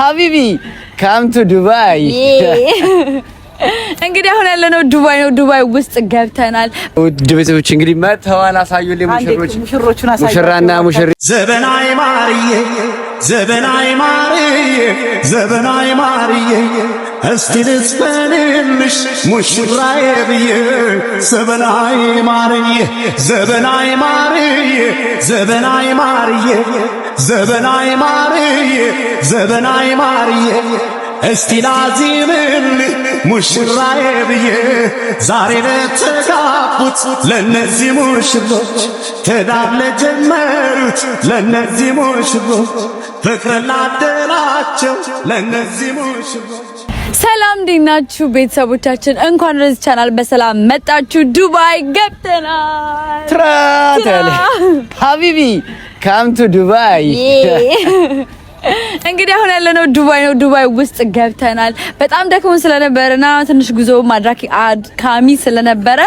ሀቢቢ ካምቱ ዱባይ። እንግዲህ አሁን ያለነው ዱባይ ነው። ዱባይ ውስጥ ገብተናል። ውድ ቤተሰቦች እንግዲህ መተዋል። አሳዩ ሙሽሮች፣ ሙሽራና ሙሽሪ ዘበናይ ማርዬ፣ ዘበናይ ማርዬ፣ ዘበናይ ማርዬ እስቲ ልጽፈንልሽ ሙሽራዬ ብዬ ዘበናይ ማርዬ ዘበናይ ማርዬ ዘበናይ ማርዬ ዘበናይ ማርዬ ዘበናይ ማርዬ እስቲ ላዚምልህ ሙሽራዬ ብዬ ዛሬ ለተጋቡት ለነዚህ ሙሽሮች ትዳር ለጀመሩት ለነዚህ ሙሽሮች ፍቅር ላደላቸው ለነዚህ ሙሽሮች ሰላም እንዴት ቤተሰቦቻችን? እንኳን ወደዚህ ቻናል በሰላም መጣችሁ። ዱባይ ገብተናል። ትራተል ሀቢቢ ካም ቱ ዱባይ። እንግዲህ አሁን ያለነው ዱባይ ነው። ዱባይ ውስጥ ገብተናል። በጣም ደክሞን ስለነበረና ትንሽ ጉዞ ማድራኪ አድካሚ ስለነበረ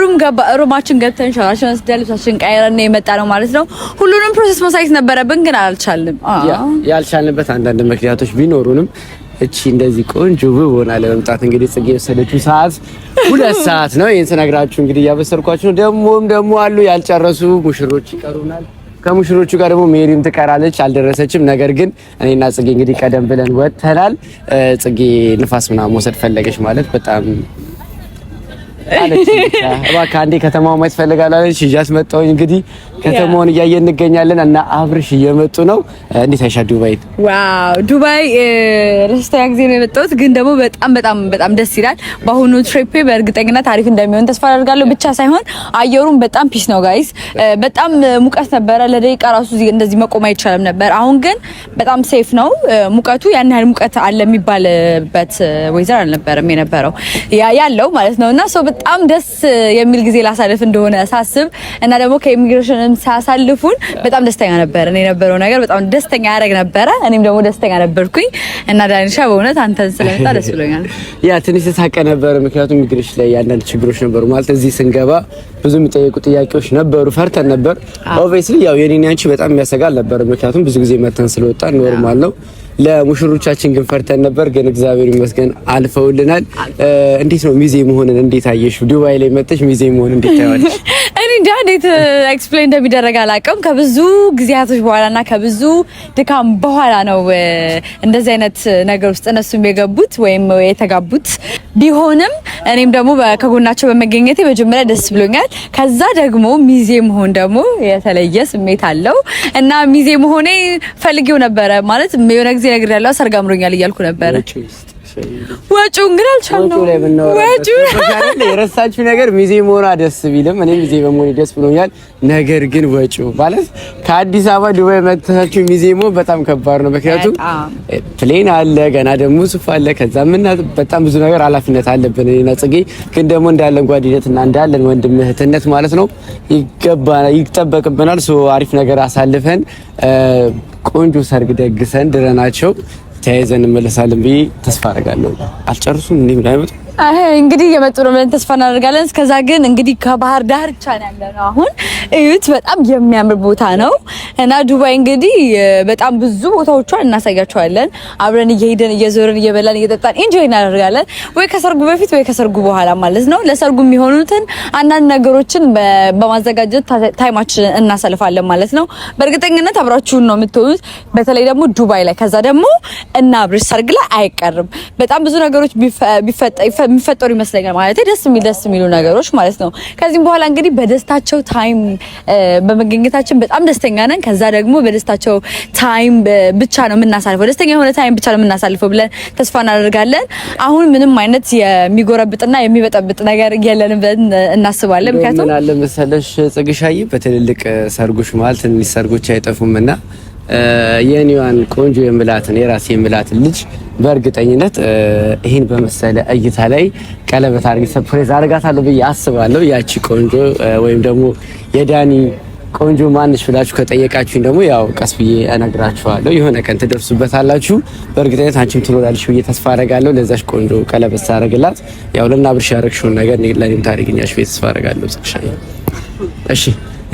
ሩም ገባ ሩማችን ገብተን ሻራሽን ወስደን ልብሳችን ቀይረን የመጣ ነው ማለት ነው። ሁሉንም ፕሮሰስ ማሳየት ነበረብን ግን አልቻልንም። ያልቻልንበት አንዳንድ ምክንያቶች ቢኖሩንም እቺ እንደዚህ ቆንጆ ውብ ሆና ለመምጣት እንግዲህ ጽጌ የወሰደችው ሰዓት ሁለት ሰዓት ነው። ይህን ስነግራችሁ እንግዲህ እያበሰርኳችሁ ነው። ደግሞም ደግሞ አሉ ያልጨረሱ ሙሽሮች ይቀሩናል። ከሙሽሮቹ ጋር ደግሞ ሜሪም ትቀራለች፣ አልደረሰችም። ነገር ግን እኔና ጽጌ እንግዲህ ቀደም ብለን ወጥተናል። ጽጌ ንፋስ ምናምን መውሰድ ፈለገች ማለት በጣም አለች። እባክህ አንዴ ከተማው ማየት ፈልጋለች። ይዣት መጣሁኝ እንግዲህ ከተማውን እያየን እንገኛለን እና አብርሽ እየመጡ ነው። እንዴት አይሻ ዱባይ? ዋው ዱባይ ለሶስተኛ ጊዜ ነው የመጣሁት፣ ግን ደግሞ በጣም በጣም በጣም ደስ ይላል። በአሁኑ ትሪፕ በእርግጠኝነት አሪፍ እንደሚሆን ተስፋ አደርጋለሁ። ብቻ ሳይሆን አየሩም በጣም ፒስ ነው ጋይስ። በጣም ሙቀት ነበረ፣ ለደቂቃ ራሱ እንደዚህ መቆም አይቻልም ነበር። አሁን ግን በጣም ሴፍ ነው ሙቀቱ። ያን ያህል ሙቀት አለ የሚባልበት ወይዘር አልነበረም የነበረው ያለው ማለት ነው እና ሰው በጣም ደስ የሚል ጊዜ ላሳልፍ እንደሆነ ሳስብ እና ደግሞ ከኢሚግሬሽን ሳያሳልፉን በጣም ደስተኛ ነበር። እኔ የነበረው ነገር በጣም ደስተኛ ያደረግ ነበረ። እኔም ደግሞ ደስተኛ ነበርኩኝ እና ዳንሻ በእውነት አንተን ስለመጣ ደስ ብሎኛል። ያ ትንሽ ተሳቀ ነበር፣ ምክንያቱም እግርሽ ላይ አንዳንድ ችግሮች ነበሩ። ማለት እዚህ ስንገባ ብዙ የሚጠየቁ ጥያቄዎች ነበሩ፣ ፈርተን ነበር። ኦብቪየስሊ ያው የኔን ያንቺ በጣም የሚያሰጋ አልነበረ፣ ምክንያቱም ብዙ ጊዜ መተን ስለወጣ ኖርማል ነው ለሙሽሮቻችን ግን ፈርተን ነበር፣ ግን እግዚአብሔር ይመስገን አልፈውልናል። እንዴት ነው ሚዜ መሆንን እንዴት አየሽ? ዱባይ ላይ መጥተሽ ሚዜ መሆንን እንዴት ታያለሽ? እኔ እንጃ እንዴት ኤክስፕሌን እንደሚደረግ አላውቅም። ከብዙ ጊዜያቶች በኋላና ከብዙ ድካም በኋላ ነው እንደዚህ አይነት ነገር ውስጥ እነሱም የገቡት ወይም የተጋቡት ቢሆንም እኔም ደግሞ ከጎናቸው በመገኘቴ መጀመሪያ ደስ ብሎኛል። ከዛ ደግሞ ሚዜ መሆን ደግሞ የተለየ ስሜት አለው እና ሚዜ መሆኔ ፈልጌው ነበረ ማለት የሆነ ጊዜ ነግሬያለሁ። ሰርግ አምሮኛል እያልኩ ነበረ ወጪው ግን አልቻልነው። ወጪው የረሳችሁ ነገር ሚዜ መሆኗ ደስ ቢልም እኔ ሚዜ በመሆኔ ደስ ብሎኛል። ነገር ግን ወጪው ማለት ከአዲስ አበባ ዱባይ መጥታችሁ ሚዜ መሆን በጣም ከባድ ነው። ምክንያቱም ፕሌን አለ፣ ገና ደግሞ ሱፍ አለ፣ ከዛ ምና በጣም ብዙ ነገር ኃላፊነት አለብን። እኔና ጽጌ ግን ደግሞ እንዳለን እና እንዳለን ወንድም እህትነት ማለት ነው ይገባናል፣ ይጠበቅብናል። አሪፍ ነገር አሳልፈን ቆንጆ ሰርግ ደግሰን ድረናቸው ተያይዘን እንመለሳለን ብዬ ተስፋ አደርጋለሁ። አልጨርሱም እንዲህ ምን ምናምን እንግዲህ እየመጡ ነው ብለን ተስፋ እናደርጋለን። እስከዛ ግን እንግዲህ ከባህር ዳርቻ ነው ያለነው። አሁን እዩት፣ በጣም የሚያምር ቦታ ነው እና ዱባይ እንግዲህ በጣም ብዙ ቦታዎቿን እናሳያቸዋለን። አብረን እየሄደን እየዞርን እየበላን እየጠጣን ኢንጆይ እናደርጋለን። ወይ ከሰርጉ በፊት ወይ ከሰርጉ በኋላ ማለት ነው። ለሰርጉ የሚሆኑትን አንዳንድ ነገሮችን በማዘጋጀት ታይማችን እናሳልፋለን ማለት ነው። በእርግጠኝነት አብራችሁን ነው የምትሆኑት፣ በተለይ ደግሞ ዱባይ ላይ። ከዛ ደግሞ እና አብርሽ ሰርግ ላይ አይቀርም በጣም ብዙ ነገሮች ቢፈጠ የሚፈጠሩ ይመስለኛል ማለት ደስ የሚል ደስ የሚሉ ነገሮች ማለት ነው። ከዚህም በኋላ እንግዲህ በደስታቸው ታይም በመገኘታችን በጣም ደስተኛ ነን። ከዛ ደግሞ በደስታቸው ታይም ብቻ ነው የምናሳልፈው፣ ደስተኛ የሆነ ታይም ብቻ ነው የምናሳልፈው ብለን ተስፋ እናደርጋለን። አሁን ምንም አይነት የሚጎረብጥና የሚበጠብጥ ነገር የለንም ብለን እናስባለን። ምክንያቱም ምናለ መሰለሽ ጽግሻይ በትልልቅ ሰርጎች መሀል ትንሽ ሰርጎች አይጠፉም እና የኒዋን ቆንጆ የምላትን የራሴ የምላትን ልጅ በእርግጠኝነት ይህን በመሰለ እይታ ላይ ቀለበት አድርጌ ሰፕሬዝ አድርጋታለሁ ብዬ አስባለሁ። ያቺ ቆንጆ ወይም ደግሞ የዳኒ ቆንጆ ማንሽ ብላችሁ ከጠየቃችሁኝ ደግሞ ያው ቀስ ብዬ እነግራችኋለሁ። የሆነ ቀን ትደርሱበታላችሁ። በእርግጠኝነት አንቺም ትኖራልሽ ብዬ ተስፋ አረጋለሁ። ለዛሽ ቆንጆ ቀለበት ሳረግላት ያው ለና ብርሽ ያረግሽውን ነገር ለኔም ታደርግኛለሽ ብዬ ተስፋ አረጋለሁ። እሺ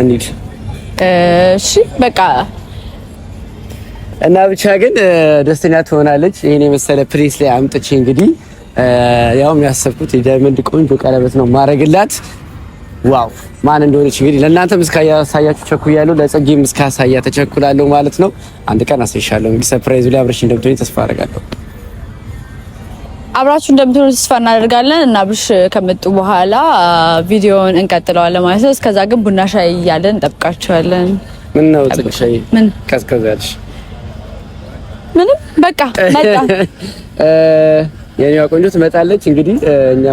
እንሂድ። እሺ በቃ እና ብቻ ግን ደስተኛ ትሆናለች። ይሄን የመሰለ ፕሪስ ላይ አምጥቼ እንግዲህ ያውም ያሰብኩት የዳይመንድ ቆንጆ ቀለበት ነው ማድረግላት። ዋው ማን እንደሆነች እንግዲህ ለእናንተ እስካሳያችሁ ቸኩያለሁ፣ ለጽጌም እስካሳያ ተቸኩላለሁ ማለት ነው። አንድ ቀን አሳይሻለሁ። እንግዲህ ሰርፕራይዙ ላይ አብረሽ እንደምትሆኝ ተስፋ አደርጋለሁ። አብራችሁ እንደምትሆኑ ተስፋ እናደርጋለን እና ብሽ ከመጡ በኋላ ቪዲዮውን እንቀጥለዋለን ማለት ነው። እስከዛ ግን ቡና ሻይ እያለን እንጠብቃችኋለን። ምን ነው ጽጌ ምን ቀዝቀዝ ያለሽ ምንም በቃ መጣ። የኔዋ ቆንጆ ትመጣለች። እንግዲህ እኛ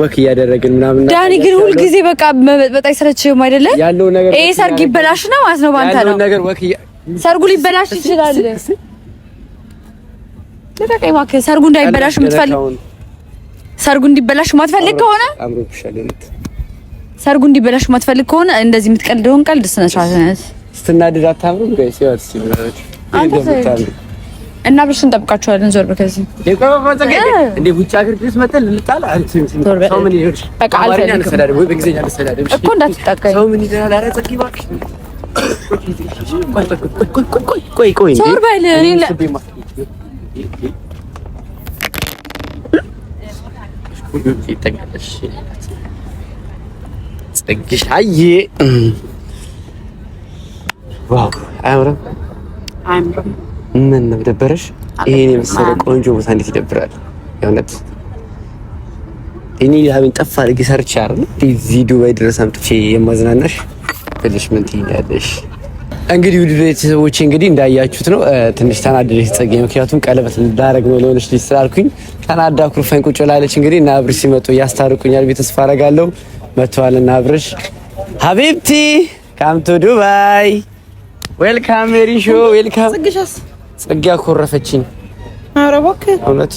ወክ እያደረግን ምናምን ዳኒ ግን ሁልጊዜ በቃ መበጥበጥ አይሰለችም አይደለ? ያለው ነገር ይሄ ሰርግ ይበላሽ ነው ማለት ነው ባንታ ነው ነገር ወክ ሰርጉ ሊበላሽ ይችላል። ለታቀይ እባክህ ሰርጉ እንዳይበላሽ የምትፈልግ ሰርጉ እንዲበላሽ የማትፈልግ ከሆነ ሰርጉ እንዲበላሽ የማትፈልግ ከሆነ እንደዚህ የምትቀልደውን ቀልድ ስነ ስርዓት ስትናደድ አታምሩም ጋይስ። ይወርስ ይብራችሁ አንተ ሰይ እና ብርሽ እንጠብቃችኋለን። ዞር በከዚህ እንደ ውጭ ሀገር ምን ነው ደበረሽ? ይሄን የመሰለ ቆንጆ ቦታ እንዴት ይደብራል? የእውነት እኔ ላብን ጠፋ አድርጌ ሰርቼ አይደል እዚህ ዱባይ ድረስ አምጥቼ የማዝናናሽ ብልሽ ምን ትይኛለሽ? እንግዲህ ውድ ቤተሰቦቼ እንግዲህ እንዳያችሁት ነው። ትንሽ ተናደደች ጽጌ፣ ምክንያቱም ቀለበት ላደርግ ነው ለሆነች ልጅ ስላልኩኝ ተናዳ ኩርፋኝ ቁጭ ብላለች። እንግዲህ እና አብርሽ ሲመጡ ያስታርቁኛል ብዬ ተስፋ አደርጋለሁ። መጥተዋል እና አብርሽ ሀቢብቲ ካምቱ ዱባይ ዌልካም ሜሪ ሾ ዌልካም ጽጌ አኮረፈችኝ። ኧረ እባክህ እውነት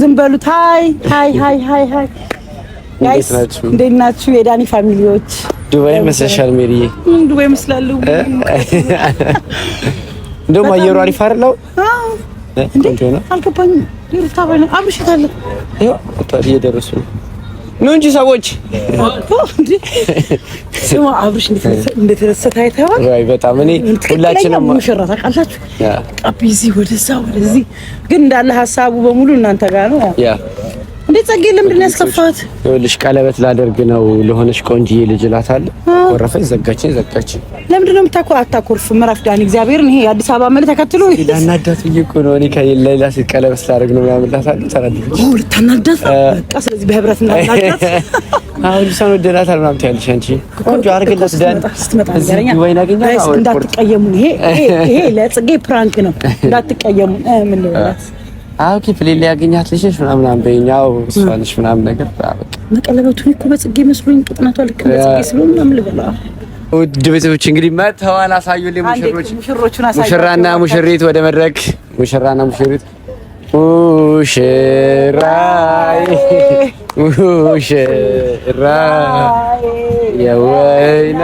ዝም በሉ። ታይ ታይ ታይ ታይ ታይ ጋይስ እንዴት ናችሁ? የዳኒ ፋሚሊዎች ዱባይ መስለሻል? ሜሪዬ ዱባይ መስላለሁ። እንደውም አየሩ አሪፍ አይደለው? እንዴ አልገባኝም። አብርሽታለ ይሄ እየደረሱ ነው ነው እንጂ ሰዎች ስማ፣ አብርሽ እንደተደሰተ አይተኸዋል። በጣም እኔ ሁላችንም ሙሽራ ታውቃላችሁ፣ ቢዚ ወደዛ ወደዚህ፣ ግን እንዳለ ሀሳቡ በሙሉ እናንተ ጋር ነው ያ እንዴ ጸጌ፣ ለምንድን ነው ያስከፋት? ይኸውልሽ ቀለበት ላደርግ ነው ለሆነሽ ቆንጅዬ ልጅ እላታለሁ። ቆረፈኝ፣ ዘጋችኝ፣ ዘጋችኝ። ለምንድን ነው የምታኮ አታኮርፍም? እረፍ ዳኒ፣ እግዚአብሔርን ይሄ አዲስ አበባ መልክ ተከትሎ ላናዳት ብዬሽ እኮ ነው። እኔ ከሌላ ሴት ቀለበት ላደርግ ነው ያምላታለሁ። ተናደደች። ኦ ልታናዳት በቃ። ስለዚህ በህብረት እናናዳት። አሁን ልብሷን ወደዳታል ምናምን ትያለሽ አንቺ። ቆንጆ ስትመጣ አድርግላት አይ እንዳትቀየሙ። ይሄ ይሄ ለጽጌ ፕራንክ ነው፣ እንዳትቀየሙ። ምን ልበላት አዎ ፍሌል ያገኛት ልጅ ምናምን በኛው ስፋንሽ ምናምን ነገር ታበቅ መቀለበቱን እኮ በጽጌ መስሎኝ ቅጥነቷ ልክ በጽጌ ስለሆነ ምናምን ልበላ። ውድ ቤተሰቦች እንግዲህ መተዋል፣ አሳዩልኝ ሙሽራና ሙሽሪት ወደ መድረክ ሙሽራና ሙሽሪት ሙሽራይ ሙሽራይ የወይና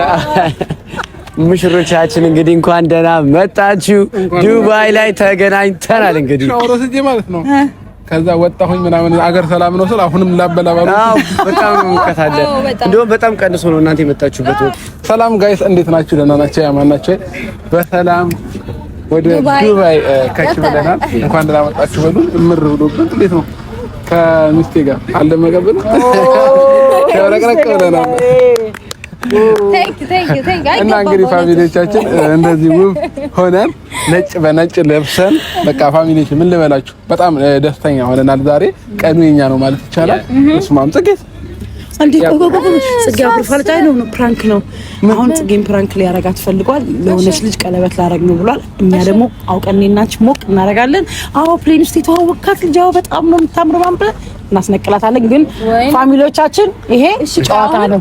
ሙሽሮቻችን እንግዲህ እንኳን ደህና መጣችሁ። ዱባይ ላይ ተገናኝተናል። እንግዲህ ሻወሮስ እጄ ማለት ነው። ከዛ ወጣሁኝ ምናምን አገር ሰላም ነው ስል አሁንም ላበላባሉ። ነው። አዎ በጣም ሙቀት አለ። እንደውም በጣም ቀንሶ ነው እናንተ የመጣችሁበት ሰላም ጋይስ፣ እንዴት ናችሁ? ደህና ናቸው ያማን ናቸው። በሰላም ወደ ዱባይ ከች ብለናል። እንኳን ደህና መጣችሁ በሉ። እምር ብሎብን እንዴት ነው ከሚስቴ ጋር አልደመቀብን ያው ረቅረቅ ብለናል። እና እንግዲህ ፋሚሊዎቻችን እንደዚህ ውብ ሆነን ነጭ በነጭ ለብሰን በቃ ፋሚሊዎች ምን ልበላችሁ በጣም ደስተኛ ሆነናል። ዛሬ ቀኑ የኛ ነው ማለት ይቻላል። እሱማም ጽጌ ነው ፕራንክ ነው። አሁን ጽጌን ፕራንክ ሊያረጋት ፈልጓል። ለሆነች ልጅ ቀለበት ላረግ ነው ብሏል። እኛ ደግሞ አውቀን እኔና ሞቅ እናረጋለን። አዎ ፕሌን ውስጥ የተዋወቅካት ልጅ በጣም ነው እናስነቅላታለን። ግን ፋሚሊዎቻችን ይሄ ጨዋታ ነው።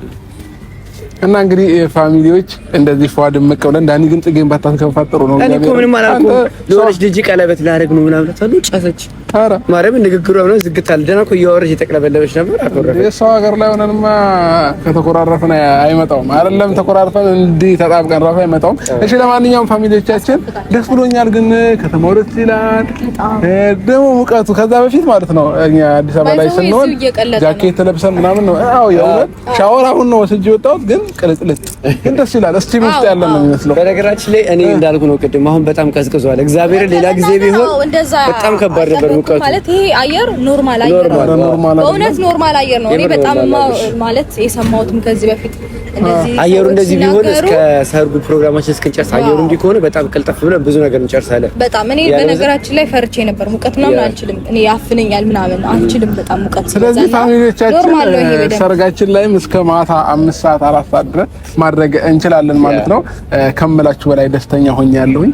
እና እንግዲህ ፋሚሊዎች እንደዚህ ፏ ድምቅ ብለን ዳኒ ግን ጽጌን ባታስከፋት ጥሩ ነው። እኔ እኮ ምንም አላልኩም። ለሆነች ልጅ ቀለበት ላደርግ ነው ምናምን ታሉ ጫሰች። ኧረ ማርያም ንግግሩ ነው ዝግታል። ደህና እኮ እያወራች የጠቅለበለበች ነበር። አኮረፈ። የሰው ሀገር ላይ ሆነንማ ከተኮራረፍን አይመጣውም። አይደለም ተኮራርፈን እንዲህ ተጣብቀን ራሱ አይመጣውም። እሺ ለማንኛውም ፋሚሊዎቻችን ደስ ብሎኛል። ግን ከተማው ደስ ይላል። ደግሞ ሙቀቱ ከዛ በፊት ማለት ነው እኛ አዲስ አበባ ላይ ስንሆን ጃኬት ለብሰን ምናምን ነው። አዎ የእውነት ሻወር አሁን ነው ወስጄ ወጣሁት ግን ቅልጥልጥ ግን ይላል። እስቲም ውስጥ ያለ ነው የሚመስለው። በነገራችን ላይ እኔ እንዳልኩ ነው ቅድም፣ አሁን በጣም ቀዝቅዟል። እግዚአብሔር ሌላ ጊዜ ቢሆን በጣም ከባድ ነበር ሙቀቱ። ማለት ይሄ አየር ኖርማል አየር ነው፣ በእውነት ኖርማል አየር ነው። እኔ በጣም ማለት የሰማሁትም ከዚህ በፊት አየሩ እንደዚህ ቢሆን እስከ ሰርጉ ፕሮግራማችን እስክንጨርስ አየሩ እንዲህ ከሆነ በጣም ቅልጥፍ ብለን ብዙ ነገር እንጨርሳለን። በጣም እኔ በነገራችን ላይ ፈርቼ ነበር። ሙቀት ምናምን አልችልም እኔ ያፍነኛል ምናምን አልችልም በጣም ሙቀት። ስለዚህ ፋሚሊዎቻችን ሰርጋችን ላይም እስከ ማታ አምስት ሰዓት አራት አድረን ማድረግ እንችላለን ማለት ነው። ከምላችሁ በላይ ደስተኛ ሆኛለሁኝ።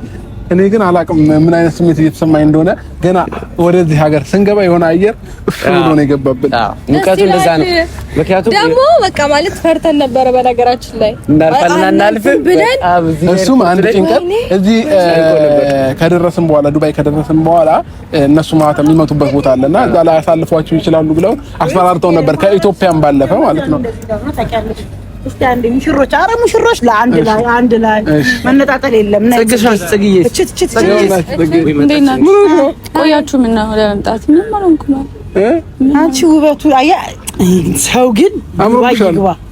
እኔ ግን አላቅም ምን አይነት ስሜት እየተሰማኝ እንደሆነ። ገና ወደዚህ ሀገር ስንገባ የሆነ አየር እፍ ነው የገባብን። ሙቀቱ እንደዛ ነው። ምክንያቱም ደግሞ በቃ ማለት ፈርተን ነበረ። በነገራችን ላይ እናልፋልና እናልፍ ብለን እሱም አንድ ጭንቀት እዚህ ከደረስን በኋላ ዱባይ ከደረስን በኋላ እነሱ ማታ የሚመጡበት ቦታ አለና እዛ ላይ አሳልፏቸው ይችላሉ ብለው አስፈራርተው ነበር። ከኢትዮጵያም ባለፈ ማለት ነው እስቲ አንድ ሙሽሮች፣ ኧረ ሙሽሮች ለአንድ ላይ አንድ ላይ መነጣጠል የለም። ጽግሻስ ጽግዬ እችት እችት ቆያችሁ ምን ነው ለመምጣት ምንም አልሆንኩም። አንቺ ውበቱ አያ ሰው ግን አምሮሻል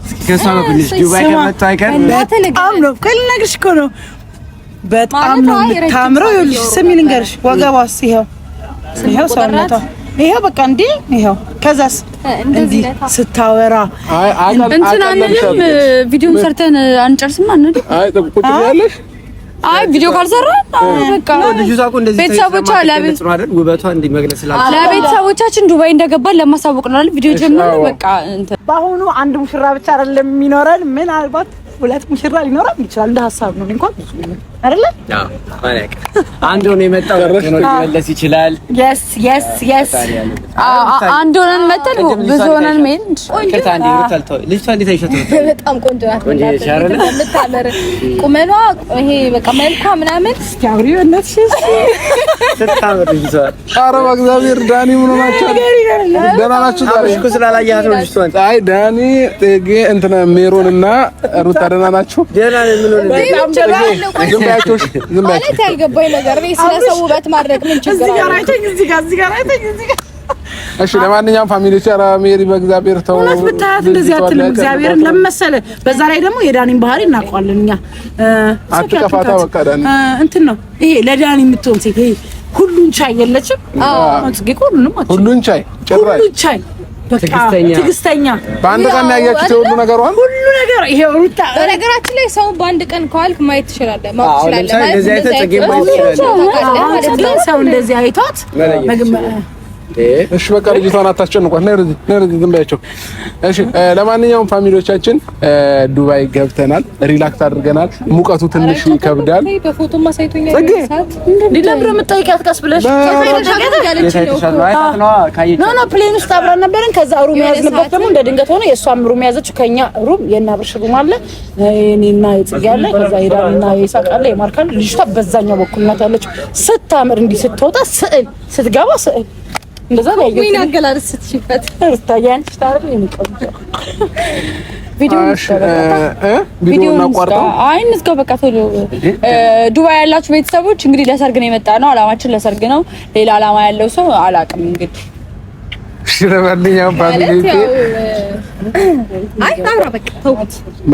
በጣም ነው ልነግርሽ እኮ ነው። በጣም ነው የምታምረው። ይኸውልሽ ስሚ ልንገርሽ፣ ወገቧስ ይኸው ይኸው ሰውነቷ ይኸው በቃ እንዲህ ይኸው። ከዛስ እንዲህ ስታወራ እንትናንንም ቪዲዮም ሰርተን አንጨርስም አንልም። አይ አይ ቪዲዮ ካልሰራ በቃ ቤተሰቦቿ ለቤተሰቦቻችን ዱባይ እንደገባ ለማሳወቅ ነው አይደል? ቪዲዮ ጀምሮ በቃ በአሁኑ አንድ ሙሽራ ብቻ አይደለም የሚኖረን ምን አልባት ሁለት ሙሽራ ሊኖራት ይችላል። እንደ ሀሳብ ነው እንኳን አይደለ አንድ ሆነ የመጣው መለስ ይችላል። የስ የስ የስ አንድ ሆነን መተን ብዙ ሆነን መሄድ በጣም ቆንጆ ናት። የምታምር ቁመኗ፣ ይሄ በቃ መልኳ ምናምን እስኪያምሪ በእናትሽ ስታምር ልጅቷ። ኧረ በእግዚአብሔር ዳኒ ምኑ ሆናችሁ? ደህና ናችሁ? ዛሬ ነው ልጅቷን። አይ ዳኒ ቴጌ እንትና ሜሮን እና ሩታ ደህና ናችሁ? ማለት ያልገባኝ ነገር ስለ ሰው ውበት ማድረግ ምን ችግር አለ? እሺ ለማንኛውም ፋሚሊ ቻራ ሜሪ በእግዚአብሔር ተው። እውነት ብታያት እንደዚህ አትልም። እግዚአብሔርን ለመሰለ በዛ ላይ ደግሞ የዳኒን ባህሪ እናውቀዋለን እኛ አትቀፋታ በቃ ዳኒ እንትን ነው ይሄ ለዳኒ የምትሆን ሴት ይሄ ሁሉን ቻይ የለችም። አዎ ሁሉን ቻይ ጭራሽ ሁሉን ቻይ ትዕግስተኛ በአንድ ቀን ያያችሁት ሁሉ ነገር ሁሉ ነገር ይሄ ሩታ ነገራችን ላይ ሰው በአንድ ቀን ከዋልክ ማየት ትችላለህ። ሰው እንደዚህ አይቷት እሺ በቃ ልጅቷን አታስጨንቋት። ነይ ነርዚ ዝም በያቸው። እሺ ለማንኛውም ፋሚሊዎቻችን ዱባይ ገብተናል፣ ሪላክስ አድርገናል። ሙቀቱ ትንሽ ይከብዳል። ፕሌን ውስጥ ነበርን። ከዛ ሩም የያዝንበት ደግሞ እንደ ድንገት ሆነ። የእሷም ሩም ሩም ሩም አለ፣ የጽጌ አለ፣ ከዛ ልጅቷ በዛኛው በኩል ናት ያለችው። ስታምር እንዲህ ስትወጣ ስዕል ስትገባ ስዕል ምን ዱባይ ያላችሁ ቤተሰቦች እንግዲህ ለሰርግ ነው የመጣ ነው። አላማችን ለሰርግ ነው። ሌላ አላማ ያለው ሰው አላውቅም። እንግዲህ ለማንኛውም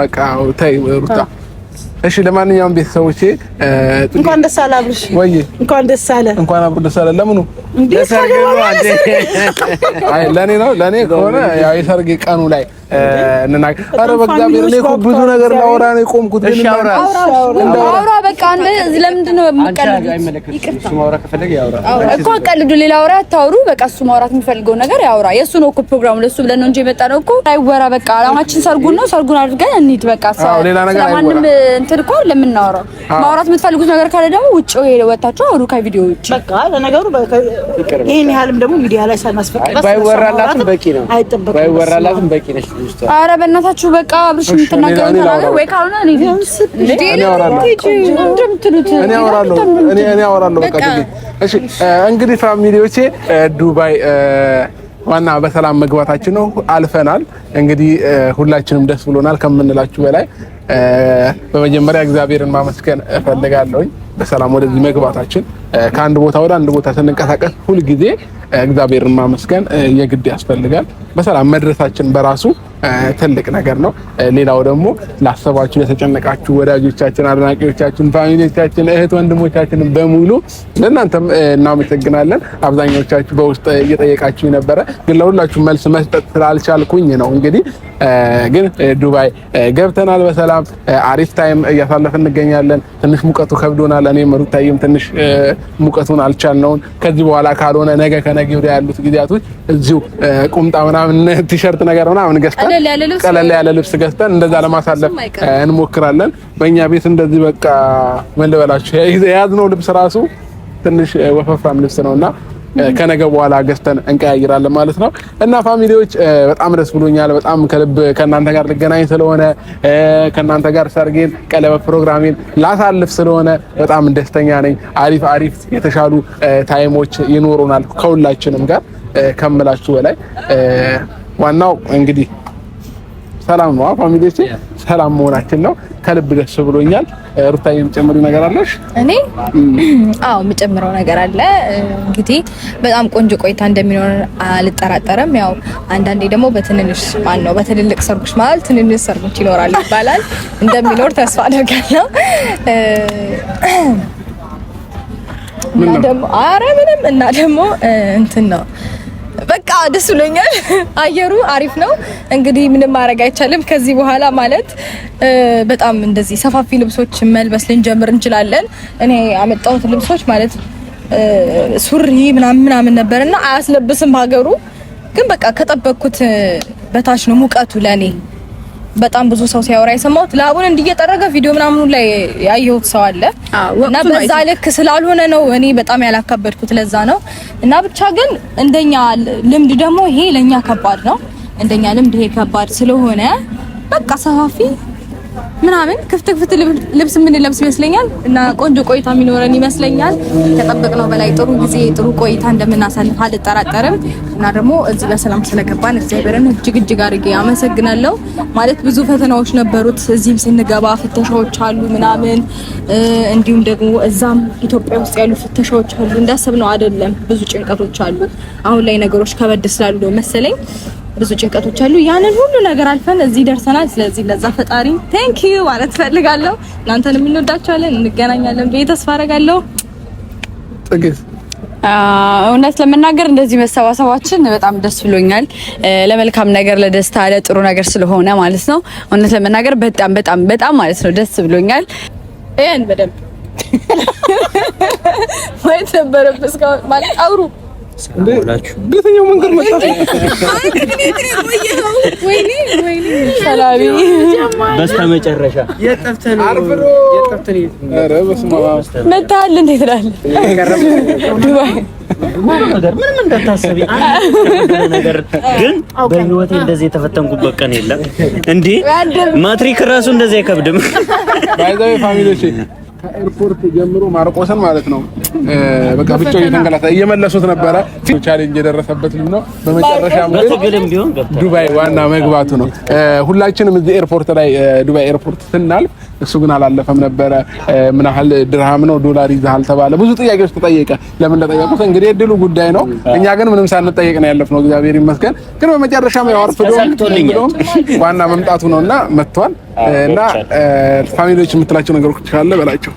በቃ ተይ ሩታ እሺ ለማንኛውም ቤተሰቦቼ እንኳን ደስ አለ አብርሽ፣ ወይ እንኳን ደስ አለ፣ እንኳን አብሮ ደስ አለ። ለምኑ አይ ለኔ ነው ለኔ ከሆነ ያው የሰርጌ ቀኑ ላይ እንናገር። አረ በእግዚአብሔር እኔ እኮ ብዙ ነገር ላወራ ነው የቆምኩት። እሺ አውራ አውራ፣ በቃ እንደዚህ ለምንድን ነው የምትቀልዱት? ይቅርታ እኮ አቀልዱ፣ ሌላ አውራ አታውሩ። በቃ እሱ ማውራት የሚፈልገው ነገር ያውራ። የእሱ ነው እኮ ፕሮግራሙ፣ ለሱ ብለን ነው እንጂ የመጣ ነው እኮ። አይወራ በቃ አላማችን ሰርጉን ነው፣ ሰርጉን አድርገን እንሂድ። በቃ ሰው ሌላ ነገር አይወራ እንትን እኮ ለምናወራው ማውራት የምትፈልጉት ነገር ካለ ደግሞ ውጭ ወጣችሁ አውሩ፣ ከቪዲዮ ውጭ በቃ። ለነገሩ ይሄን ያህልም ደግሞ ሚዲያ ላይ ሳናስፈቅድ ባይወራላትም በቂ ነው፣ ባይወራላትም በቂ ነች። ኧረ በእናታችሁ በቃ አብርሽ የምትናገረው ነገር ወይ ካልሆነ እኔ እኔ አወራለሁ። በቃ እሺ እንግዲህ ፋሚሊዎቼ ዱባይ ዋና በሰላም መግባታችን ነው። አልፈናል። እንግዲህ ሁላችንም ደስ ብሎናል ከምንላችሁ በላይ በመጀመሪያ እግዚአብሔርን ማመስገን እፈልጋለሁኝ። በሰላም ወደዚህ መግባታችን ከአንድ ቦታ ወደ አንድ ቦታ ስንንቀሳቀስ ሁልጊዜ እግዚአብሔርን ማመስገን የግድ ያስፈልጋል። በሰላም መድረሳችን በራሱ ትልቅ ነገር ነው። ሌላው ደግሞ ላሰባችሁ፣ ለተጨነቃችሁ ወዳጆቻችን፣ አድናቂዎቻችን፣ ፋሚሊዎቻችን፣ እህት ወንድሞቻችን በሙሉ ለእናንተም እናመሰግናለን። አብዛኛዎቻችሁ በውስጥ እየጠየቃችሁ ነበረ፣ ግን ለሁላችሁ መልስ መስጠት ስላልቻልኩኝ ነው። እንግዲህ ግን ዱባይ ገብተናል በሰላም አሪፍ ታይም እያሳለፍ እንገኛለን። ትንሽ ሙቀቱ ከብዶናል። እኔም ሩታዬም ትንሽ ሙቀቱን አልቻልነውን። ከዚህ በኋላ ካልሆነ ነገ ከነገ ወዲያ ያሉት ጊዜያቶች እዚሁ ቁምጣ ምናምን ቲሸርት ነገር ምናምን ገዝተን ቀለል ያለ ልብስ ገዝተን እንደዛ ለማሳለፍ እንሞክራለን። በእኛ ቤት እንደዚህ በቃ ምን ልበላችሁ የያዝነው ልብስ ራሱ ትንሽ ወፈፍራም ልብስ ነውና ከነገ በኋላ ገዝተን እንቀያይራለን ማለት ነው። እና ፋሚሊዎች በጣም ደስ ብሎኛል። በጣም ከልብ ከእናንተ ጋር ልገናኝ ስለሆነ ከእናንተ ጋር ሰርጌን፣ ቀለበት ፕሮግራሜን ላሳልፍ ስለሆነ በጣም ደስተኛ ነኝ። አሪፍ አሪፍ የተሻሉ ታይሞች ይኖሩናል ከሁላችንም ጋር ከምላችሁ በላይ ዋናው እንግዲህ ሰላም ነው ፋሚሊዎቼ፣ ሰላም መሆናችን ነው። ከልብ ደስ ብሎኛል። ሩታዬ የምጨምሪው ነገር አለሽ? እኔ አዎ የምጨምረው ነገር አለ። እንግዲህ በጣም ቆንጆ ቆይታ እንደሚኖር አልጠራጠርም። ያው አንዳንዴ ደግሞ በትንንሽ ማን ነው በትልልቅ ሰርጎች ማለት ትንንሽ ሰርጎች ይኖራል ይባላል። እንደሚኖር ተስፋ አደርጋለሁ። እና ደግሞ አረ ምንም እና ደግሞ እንትን ነው በቃ ደስ ብሎኛል። አየሩ አሪፍ ነው። እንግዲህ ምንም ማድረግ አይቻልም። ከዚህ በኋላ ማለት በጣም እንደዚህ ሰፋፊ ልብሶች መልበስ ልንጀምር እንችላለን። እኔ አመጣሁት ልብሶች ማለት ሱሪ ምናምን ምናምን ነበርና አያስለብስም ሀገሩ። ግን በቃ ከጠበቅኩት በታች ነው ሙቀቱ ለኔ በጣም ብዙ ሰው ሲያወራ የሰማሁት ለአቡን እንዲየጠረገ ቪዲዮ ምናምን ላይ ያየሁት ሰው አለ እና በዛ ልክ ስላልሆነ ነው እኔ በጣም ያላካበድኩት ለዛ ነው። እና ብቻ ግን እንደኛ ልምድ ደግሞ ይሄ ለኛ ከባድ ነው። እንደኛ ልምድ ይሄ ከባድ ስለሆነ በቃ ሰፋፊ ምናምን ክፍት ክፍት ልብስ የምንለብስ ይመስለኛል እና ቆንጆ ቆይታ የሚኖረን ይመስለኛል። ከጠበቅነው በላይ ጥሩ ጊዜ ጥሩ ቆይታ እንደምናሳልፍ አልጠራጠርም እና ደግሞ እዚህ በሰላም ስለገባን እግዚአብሔርን እጅግ እጅግ አድርጌ አመሰግናለሁ። ማለት ብዙ ፈተናዎች ነበሩት። እዚህም ስንገባ ፍተሻዎች አሉ ምናምን፣ እንዲሁም ደግሞ እዛም ኢትዮጵያ ውስጥ ያሉ ፍተሻዎች አሉ። እንዳሰብነው አይደለም፣ ብዙ ጭንቀቶች አሉ። አሁን ላይ ነገሮች ከበድ ስላሉ መሰለኝ ብዙ ጭንቀቶች አሉ። ያንን ሁሉ ነገር አልፈን እዚህ ደርሰናል። ስለዚህ ለዛ ፈጣሪ ቴንክ ዩ ማለት ፈልጋለሁ። እናንተንም እንወዳቸዋለን። እንገናኛለን ብዬ ተስፋ አደርጋለሁ። ጥግስ እውነት ለመናገር እንደዚህ መሰባሰባችን በጣም ደስ ብሎኛል። ለመልካም ነገር፣ ለደስታ፣ ለጥሩ ነገር ስለሆነ ማለት ነው። እውነት ለመናገር በጣም በጣም በጣም ማለት ነው ደስ ብሎኛል። ያን በደንብ ማየት ነበረብህ እስካሁን ማለት አውሩ በየትኛው መንገድ መጣህ? በስተ መጨረሻ የት ጠፍተህ ነው? መጣህ? እንዴት እላለሁ? ነገር ግን በህይወቴ እንደዚህ የተፈተንኩበት ቀን የለም። እንደ ማትሪክ እንደዚህ አይከብድም። ከኤርፖርት ጀምሮ ማርቆስን ማለት ነው። በቃ ብቻው እየተንገላታ እየመለሱት ነበረ። ቻሌንጅ የደረሰበት ነው። በመጨረሻ ዱባይ ዋና መግባቱ ነው። ሁላችንም እዚህ ኤርፖርት ላይ ዱባይ ኤርፖርት ስናልፍ እሱ ግን አላለፈም ነበረ። ምን ያህል ድርሃም ነው ዶላር ይዛሃል ተባለ። ብዙ ጥያቄዎች ተጠየቀ። ለምን ተጠየቁት? እንግዲህ እድሉ ጉዳይ ነው። እኛ ግን ምንም ሳንጠየቅ ነው ያለፍነው። እግዚአብሔር ይመስገን። ግን በመጨረሻም ያው አርፍዶም ዋና መምጣቱ ነውና መጥቷል። እና ፋሚሊዎች የምትላቸው ነገሮች ካለ በላቸው።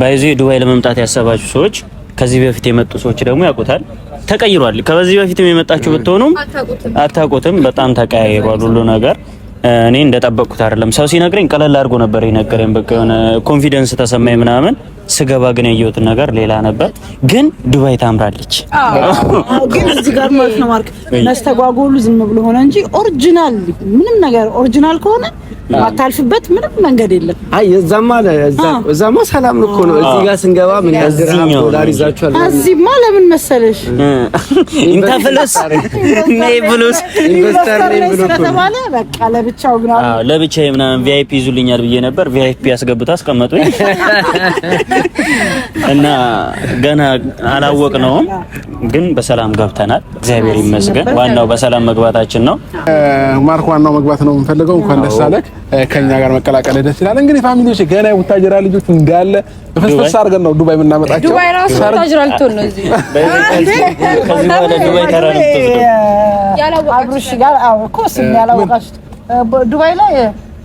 ባይዚ ዱባይ ለመምጣት ያሰባችሁ ሰዎች ከዚህ በፊት የመጡ ሰዎች ደግሞ ያውቁታል። ተቀይሯል። ከበዚህ በፊትም የመጣችሁ ብትሆኑም አታውቁትም። በጣም ተቀያይሯል ሁሉ ነገር እኔ እንደጠበቅኩት አይደለም። ሰው ሲነግረኝ ቀለል አድርጎ ነበር የነገረኝ። በቃ የሆነ ኮንፊደንስ ተሰማኝ ምናምን ስገባ ግን የየወጥ ነገር ሌላ ነበር። ግን ዱባይ ታምራለች። ግን እዚህ ጋር ማለት ነው ማርክ መስተጓጎሉ ዝም ብሎ ሆነ እንጂ ኦሪጂናል ምንም ነገር ኦሪጂናል ከሆነ ማታልፍበት ምንም መንገድ የለም። አይ እዛማ እዛማ ሰላም እኮ ነው። እዚህ ጋር ስንገባ ምን ያዝራም ዶላር ይዛችኋል። እዚህማ ለምን መሰለሽ ኢንተፍለስ ነይ ብሉስ ኢንቨስተር ነይ ብሉስ ተባለ። በቃ ለብቻው ግን አዎ ለብቻዬ ምናምን ቪአይፒ ይዙልኛል ብዬ ነበር። ቪአይፒ ያስገብታ አስቀመጡኝ። እና ገና አላወቅ ነውም፣ ግን በሰላም ገብተናል። እግዚአብሔር ይመስገን። ዋናው በሰላም መግባታችን ነው። ማርክ፣ ዋናው መግባት ነው የምንፈልገው። እንኳን ደስ አለህ። ከኛ ጋር መቀላቀል ደስ ይላል። እንግዲህ ፋሚሊዎች ገና የቡታጅራ ልጆች እንዳለ ፍስፍስ አድርገን ነው ዱባይ የምናመጣቸው። ዱባይ ራሱ ቡታጅራ ልትሆን ነው እዚህ ዱባይ ላይ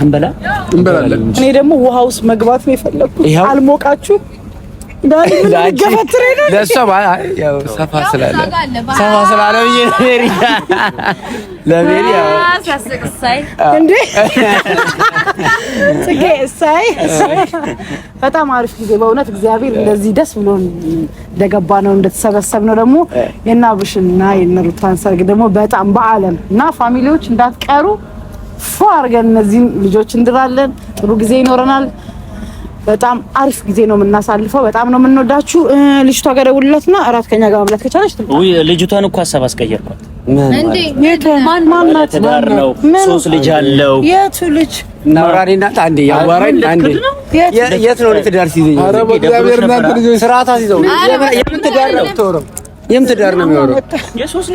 አንበላ እንበላለን። እኔ ደግሞ ውሃ ውስጥ መግባት ነው የፈለኩት። አልሞቃችሁ ሰፋ በጣም አሪፍ ጊዜ በእውነት እግዚአብሔር እንደዚህ ደስ ብሎ እንደገባ ነው እንደተሰበሰብ ነው። ደግሞ የእነ አብርሽና የእነ ሩታን ሰርግ ደግሞ በጣም በዓለም እና ፋሚሊዎች እንዳትቀሩ ፎ አድርገን እነዚህን ልጆች እንድራለን። ጥሩ ጊዜ ይኖረናል። በጣም አሪፍ ጊዜ ነው የምናሳልፈው። በጣም ነው የምንወዳችሁ። ልጅቷ ጋር ደውልላትና እራት ከኛ ጋር መብላት ከቻለች። ውይ ልጅቷን እኮ ሀሳብ አስቀየርኳት። ማን ልጅ አለው። ልጅ ናውራሪና የት ነው ነው ተወረው ነው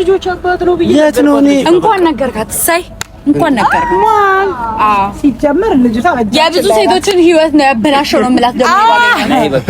ልጆች አባት ነው ነው እንኳን ነገርካት ሳይ እንኳን ነገር ሲጀመር ልጅቷ የብዙ ሴቶችን ህይወት ነው ያበላሸው ነው የምላት ደግሞ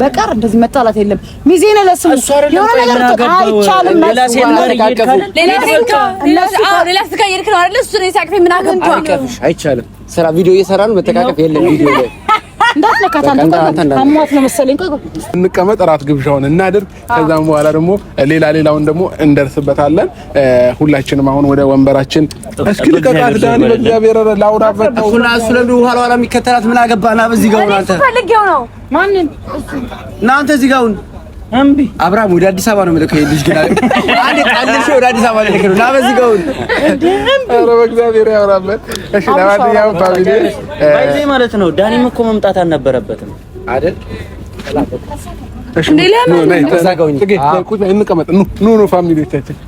በቀር እንደዚህ መጣላት የለም። ሚዜነ ለስሙ የሆነ ነገር አይቻልም። ሌላ ሴት ጋር እየሄድክ ሌላ ሴት ጋር እየሄድክ ነው አይደል? እሱ ነው የሳቅፌ ምን አገባኝ? አይቻልም። ስራ ቪዲዮ እየሰራ ነው። መተቃቀፍ የለም ቪዲዮ ላይ እንዳትነካት። አሟት ነው መሰለኝ። እንቀመጥ፣ እራት ግብዣውን እናድርግ። ከዛም በኋላ ደግሞ ሌላ ሌላውን ደግሞ እንደርስበታለን። ሁላችንም አሁን ወደ ወንበራችን እስኪ ልቀቃት። ዳኒ በእግዚአብሔር ላውራበት ነው ሁላሱ ኋላ ኋላ የሚከተላት ምን አገባና በዚህ ጋውን አንተ እናንተ እዚህ ጋውን እምቢ አብርሃም ወደ አዲስ አበባ ነው የምልከው። ልጅ ግን አንዴ ጣልሽ ወደ አዲስ አበባ ነው ልከው። ጋውን አረ በእግዚአብሔር ያወራበት። እሺ ለማንኛውም ፋሚሊ ባይዘይ ማለት ነው። ዳኒም እኮ መምጣት አልነበረበትም አይደል? እሺ እንዴ ለምን ነው ዛጋውኝ? እንቀመጥ ኑ ኑ ፋሚሊዎቻችን